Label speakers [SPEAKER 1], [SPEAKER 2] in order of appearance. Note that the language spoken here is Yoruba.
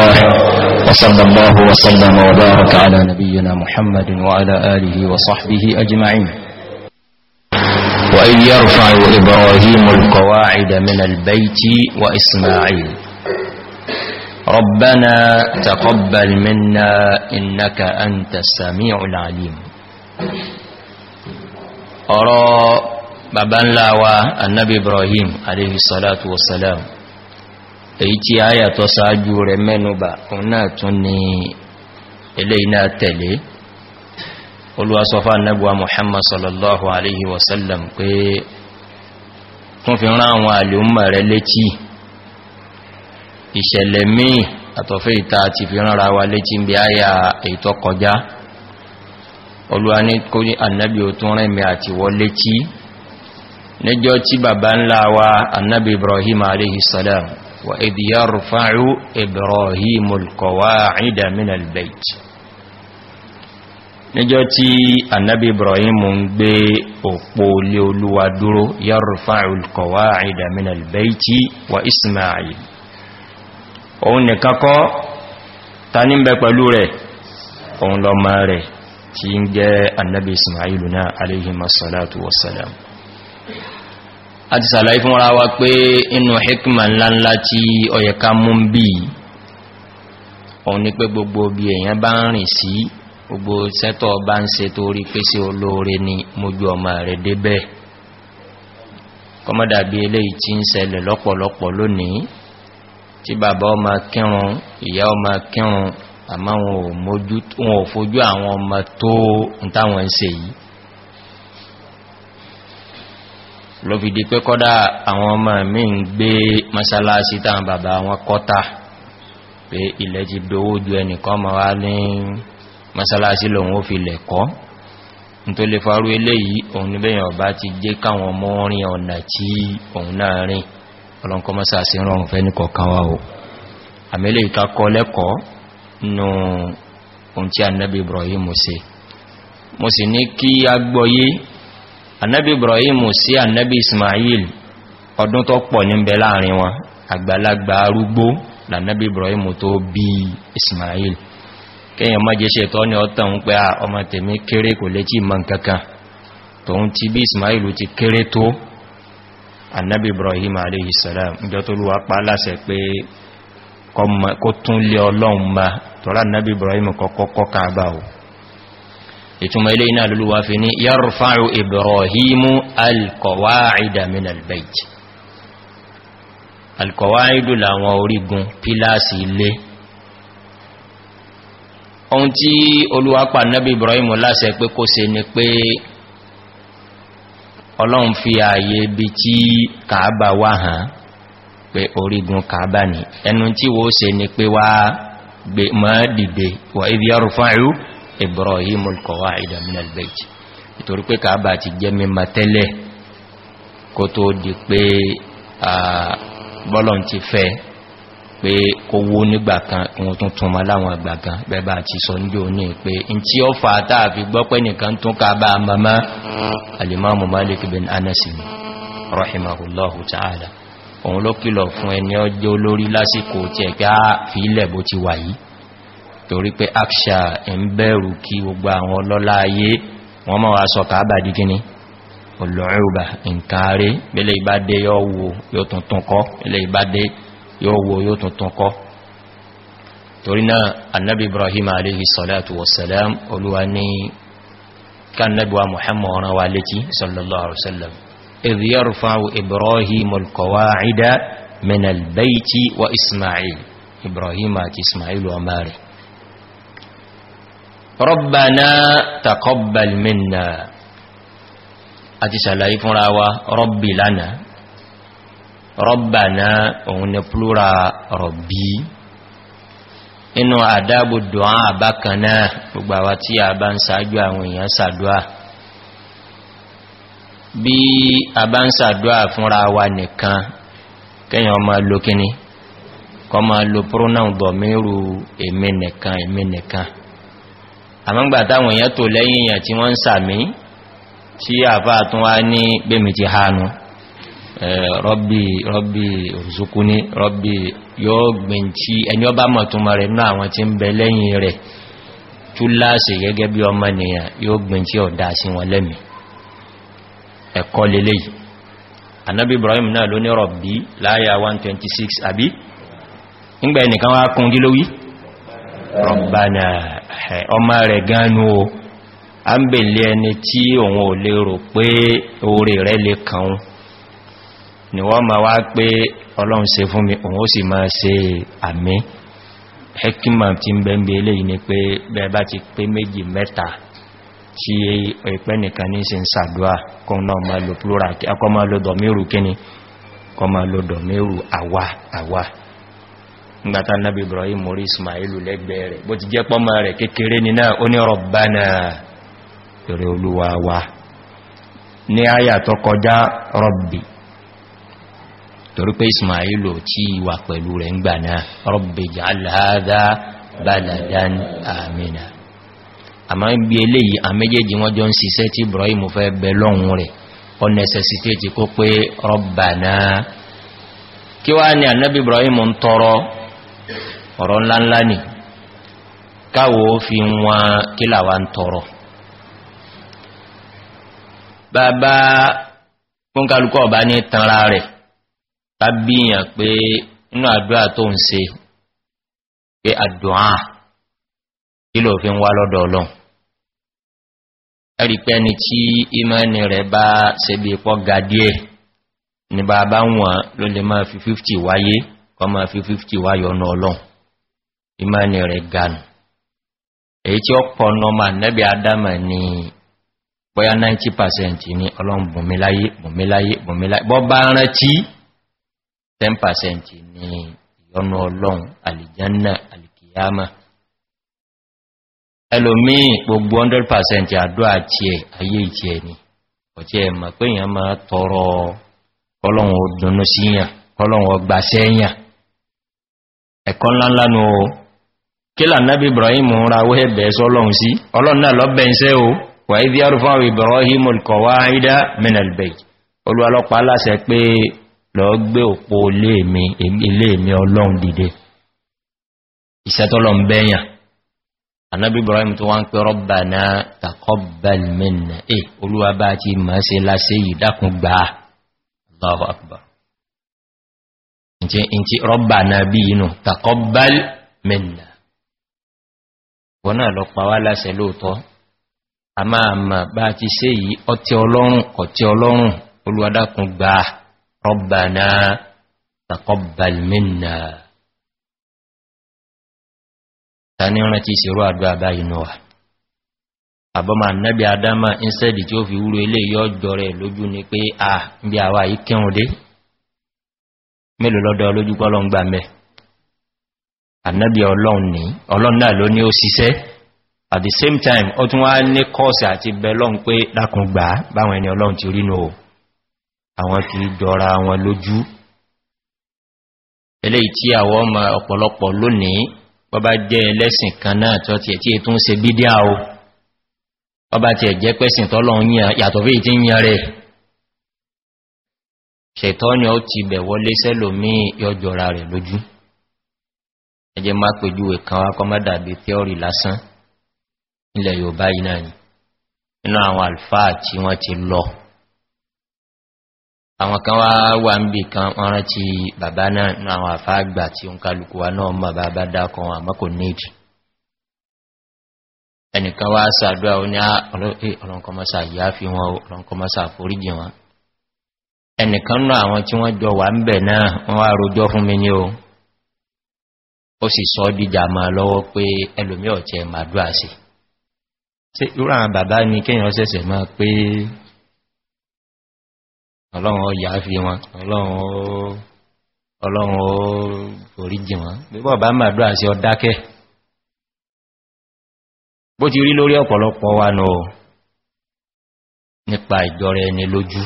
[SPEAKER 1] الله وصلى الله وسلم وبارك على نبينا محمد وعلى آله وصحبه أجمعين وإن يرفع إبراهيم القواعد من البيت وإسماعيل ربنا تقبل منا إنك أنت السميع العليم أرى بابا لاوى النبي إبراهيم عليه الصلاة والسلام èyí tí àyà tó sáájú rẹ̀ mẹ́nubà òun náà tún ni ilé iná tẹ̀lé olúwasọ́fà nẹ́bùwa muhammad sallallahu alaihi wasallam pé kún fi rán àwọn àlèúmà rẹ̀ létí ìṣẹ̀lẹ̀ míì àtọ̀fẹ́ ìta ti fi rán ra wa létí bí àyà èyí tó kọjá olúwa ní kó ní annabi ò tún rẹ̀mẹ́ àti wọ létí níjọ́ tí bàbá ńlá wa idiyar fa'u ibrahimul kowa ida minal bait níjọ́ tí annabi ibrahimu ń gbé òpó lé olúwa dúró yarfa'ul qawa'ida minal bayti wa ismail òun nìkan kọ́ ta ní bẹ pẹ̀lú rẹ̀ òun lọ ma rẹ̀ tí ń jẹ́ annabi ismail náà aléhìmọ̀ salatu wasalam a ti sàlàyé fún ra wa pé inú hikma ńláńlá tí ọ̀yẹ̀ká mú ń bí òun ni pé gbogbo bí èyàn bá ń rìn sí gbogbo sẹ́tọ̀ bá ń ṣe torí pé sí olóore ni mojú ọmọ rẹ̀ débẹ̀ kọmọ́dàbí eléyìí tí ń ṣẹlẹ̀ lọ́pọ̀lọpọ̀ lónìí tí bàbá ọmọ kírun ìyá ọmọ kírun àmọ́ wọn ò fojú àwọn ọmọ tó ń táwọn ń ṣe yìí ló fi di pé kọ́dá àwọn ọmọ mi ń gbé masalasi táwọn bàbá wọn kọ́ta pé ilẹ̀ ti dówó ju ẹnìkan ma wá ní masalasi lòun ó fi lẹ̀ kọ́ n tó lè farú eléyìí òun ní bẹ́yàn ọba ti jẹ́ káwọn ọmọ rin ọ̀nà tí òun náà rìn ọlọ́nkọ́ masasi rọrùn fẹ́ ní kọ̀ọ̀kan wá o àmẹ́lẹ̀ ìkakọ lẹ́kọ̀ọ́ nù ohun tí annabi ibrahim se mo sì ní kí agbọ́yé annabi ibrahim sí annabi ismail ọdún tó pọ̀ ní bẹ láàrin wọn àgbàlagbà arúgbó lànàbí ibrahim tó bí ismail kíyàn má jẹ́ ṣe tọ́ ní ọ́tàn pé ọmọ tèmi kéré kò lè tí mọ́ nǹkankan tóun ti bí ismail ti kéré tó annabi ibrahim alayhi salam jọ ìtumọ̀ ilé iná lulúwa fi ní yarfa'u ibrahimu alkọwa'ida min albayt alkọwa'idu làwọn orígun pílásì ilé ohun tí olúwapa nábi ibrahimu láṣẹ pé kó ṣe ni pé ọlọ́run fi ààyè ibi tí kàábà wà hàn pé orígun kàábà ni ẹnu tí wó ṣe ni pé wá gbé mọ́ dìde wà ibi yarfa'u ibrahim al-qawaida min al-bayt nítorí pé kaaba ti jẹ́ mímọ̀ tẹ́lẹ̀ kó tó di pé bọ́lọ̀n ti fẹ́ pé kó wó nígbà kan ohun tó tún ma láwọn àgbà kan bẹ́bà ti sọ níjò ní pé in tí ó fa tààfi gbọ́pẹ́ nìkan tún kaaba mamá alimamu malik bin anasin rahimahullahu ta'ala òun ló kìlọ̀ fún ẹni ọjọ́ lórí lásìkò tí ẹ̀kẹ́ àfilẹ̀ bó ti wà yìí torí pé aksha ń bẹ̀rù kí gbogbo àwọn ọlọ́lá ayé wọ́n máa wá sọ kàábà dí kíní olùrùbà nǹkaare bẹ́lẹ̀ ìbádé yóò wo yóò tuntun kọ́ bẹ́lẹ̀ ìbádé yóò wo yóò tuntun kọ́ torí náà annabi ibrahim aléhi salatu wasalam olúwa ní kánnabuwa muhammad ọ̀rán wa létí sallallahu ibrahim alqawa'ida min albayti rọ́bàná takọ́bàl minna àti sàlàyé fúnra wa rọ́bì lánà rọ́bàná òun ni plúra rọ̀bí inú àdábò dùn àbákaná gbogbo àwá tí a bá ń sáájú àwọn èèyàn sàdúà bí a bá ń sàdúà fúnra wa nìkan kẹ́yàn ọmọ lókíní kọ́ ma lo pronoun dọ̀míru èmì nìkan èmì àmọ́gbà táwọn èèyàn tó lẹ́yìn èèyàn tí wọ́n ń sàmí tí àfá tún wá ní gbèmì ti hànú rọ́bì rọ́bì òsùkú ní rọ́bì yóò gbìn tí ẹni ọba mọ̀ tún mọ̀ rẹ̀ ní àwọn tí ń bẹ lẹ́yìn rẹ̀ túláàsì gẹ́gẹ́ bí ọmọ nìyàn yóò gbìn tí ọ̀dá sí wọn lẹ́mì ẹ̀kọ́ lélẹ̀ yìí anábí ọmọ rẹ̀ gánú o a ń bèèlé ẹni tí òun ò lè rò pé oore rẹ̀ lè kàn ni wọ́n ma wá pé ọlọ́run ṣe fún mi òun ó sì máa ṣe àmì hekima ti ń bẹ̀m̀bẹ̀ eléyìí ni pé bẹ́ẹ̀bá ti pé méjì mẹ́ta tí ẹ̀pẹ́ nìkan ní ṣe ń sàdúà kọ́n náà máa lò plural akọ́ máa lò dọ̀míru kíni kọ́ máa lò dọ̀míru àwa àwa ngbàtà nabi ibrahim mori ismailu lẹ́gbẹ̀ẹ́ rẹ̀ bó ti jẹ́ pọ́mọ rẹ̀ kékeré ní náà ó ní rọ̀bánà eré olúwa wa ní àyà tó kọjá rọ̀bì torí pé ismailu tí wà pẹ̀lú rẹ̀ ngbà náà rọ̀bì jàládá baladan amina àmá ń bí eléyìí àméjèèjì wọ́n jọ ń siṣẹ́ tí ibrahim fẹ́ bẹ lọ́hun rẹ̀ ọ necessitate kó pé rọ̀bánà kí wá ní ànábì ibrahim ń tọrọ ọ̀rọ̀ ńláńlá ni káwò fi wọn kílàwà ń tọrọ bàbá kúnkálukọ́ ọba ní tanra rẹ̀ tàbíyàn pé inú àdúrà tó ń se pé àdúrà kí lò fi ń wá lọ́dọ̀ ọlọ́run ẹ̀rí pé ẹni tí ìmọ́ni rẹ̀ bá ṣe pọ́ ga díẹ̀ ni bàbá wọn ló lè máa fi 50 wáyé kọmọ fi 50 wáyọ ọ̀nà ọlọ́run ìmáni rẹ̀ ganu èyí tí ó pọ̀ nọmà nẹ́bí adama ni bọ́yá 90% ni ọlọ́run bùnmíláyé bùnmíláyé bùnmíláyé bọ́ bá rántí 10% ni ìyọnú ọlọ́run alìjánà alìkìyàmà ẹlòmí gbogbo 100% àdó àti ẹ̀ ayé ìtì ẹ̀ ni ọ̀tí ẹ̀ mọ̀ pé èèyàn máa tọrọ kọlọ́run ó dùnnú síyàn kọlọ́run ọgbà sẹ́yàn ẹ̀kọ́ ńláńlá nù o kí lànàbí ibrahim ń ra wé ẹ̀bẹ̀ sọ́lọ́run sí ọlọ́run náà lọ́bẹ̀ ń sẹ́ o wà ní díárù fún àwọn ibrahim olùkọ̀wá ida minalbey olúwalọ́pàá aláṣẹ pé lọ gbé òpó ilé mi ọlọ́run dìde ìṣẹ́tọ́lọ́ bẹ́yàn eh, allahu akbar tí in ti rọ́bà náà bí inú takọ́bál mẹ́nà wọ́n náà lọ pa lásẹ̀ lóòtọ́ a máa ma bá ti sé yìí ọtí ọlọ́run ọtí ọlọ́run olúwadákun gba rọ́bà náà takọ́bál mẹ́nà ta ní rántí ìṣòro àdúrà bá inú wa nẹ́bí adama instead tí ó fi wúrò ilé yọ́ jọ rẹ̀ lójú pé bí àwà mélòó lọ́dọ̀ lójúkọ́ lọ ń gbà mẹ́ ànábì ọlọ́run ní ọlọ́run náà ló ní ó ṣiṣẹ́ at the same time ó tún wá ní kọ́ọ̀sì àti belong pé dákùn gbà báwọn ẹni ọlọ́run ti rí náà àwọn kìí jọra wọn lójú eléyìí tí àwọn ọmọ ọ̀pọ̀lọpọ̀ lónìí bọ́bá jẹ́ ẹlẹ́sìn kan náà tó ti ẹ̀tí ètún ẹ̀jẹ́ pẹ́sìn tọ́lọ́run ìtí ń yan rẹ̀ ṣètọ́ni ó ti bẹ̀ wọlé sẹ́lòmí yọjọra rẹ̀ lójú ẹjẹ má pèjúwe kan wá kọ́ mọ́dàbí tíọ́rì lásán ilẹ̀ yorùbá iná ni nínú àwọn alfáà tí wọ́n ti lọ àwọn kan wá wà ń bì kan wọ́n rántí bàbá náà nínú àwọn àfáàgbà tí ó ń kálukú wa náà mọ̀ bàbá dákan àmọ́kò níìdì ẹnìkan wá sàdúrà ó ní ọlọ́nkọmọ́sà yìí á fi wọn ọlọ́nkọmọ́sà foríjì wọn ẹnìkan náà àwọn tí wọ́n jọ wà ń bẹ̀ náà wọ́n wá rojọ́ fún mi ní o ó sì sọ dìjà máa lọ́wọ́ pé ẹlòmí ọ̀tí ẹ̀ máa dúà sí tí irú àwọn bàbá ní kéèyàn sẹ̀sẹ̀ máa pé ọlọ́run ó yà fi wọn ọlọ́run ó foríjì wọn bíbọ̀ bá máa dúà sí ọdákẹ́ bó ti rí lórí ọ̀pọ̀lọpọ̀ wa nù nípa ìjọra ẹni lójú